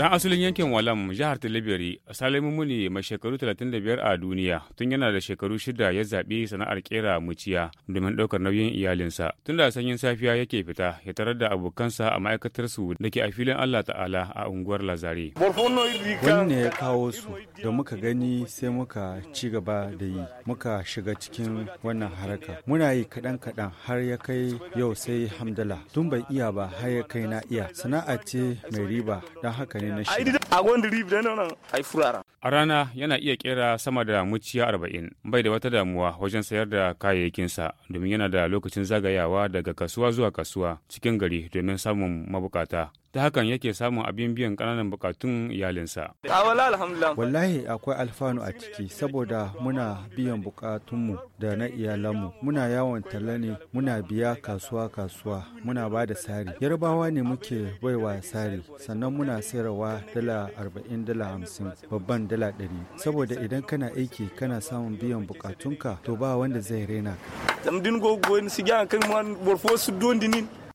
Dan asalin yankin Walam, jihar Tilibiri, Salimu Muni mai shekaru 35 a duniya, tun yana da shekaru shida ya zaɓi sana'ar ƙera muciya domin ɗaukar nauyin iyalinsa. Tun da sanyin safiya yake fita, ya tarar da abokansa a ma'aikatar su da ke a filin Allah Ta'ala a unguwar Lazare. Wani ne ya kawo su da muka gani sai muka ci gaba da yi, muka shiga cikin wannan haraka. Muna yi kaɗan-kaɗan har ya kai yau sai hamdala. Tun bai iya ba har ya kai na iya. Sana'a ce mai riba, don haka ne initially. I did a wanda ribi nan ai furara a rana yana iya kera sama da muciya arba'in bai da wata damuwa wajen sayar da kayayyakinsa domin yana da lokacin zagayawa daga kasuwa zuwa kasuwa cikin gari domin samun mabukata ta hakan yake samun abin biyan ƙananan bukatun iyalinsa. Wallahi akwai alfanu a ciki saboda muna biyan bukatunmu da na iyalanmu muna yawon talla ne muna biya kasuwa kasuwa muna ba da sari. Yarbawa ne muke baiwa sari sannan muna sayarwa dala dala dala babban dala ɗari saboda idan kana aiki kana samun biyan bukatunka to ba wanda zai rena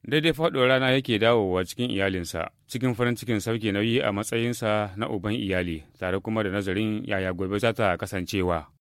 ka daidai faɗuwar rana yake dawowa cikin iyalinsa cikin farin cikin sauke nauyi a matsayinsa na uban iyali tare kuma da nazarin yaya gobe za ta kasancewa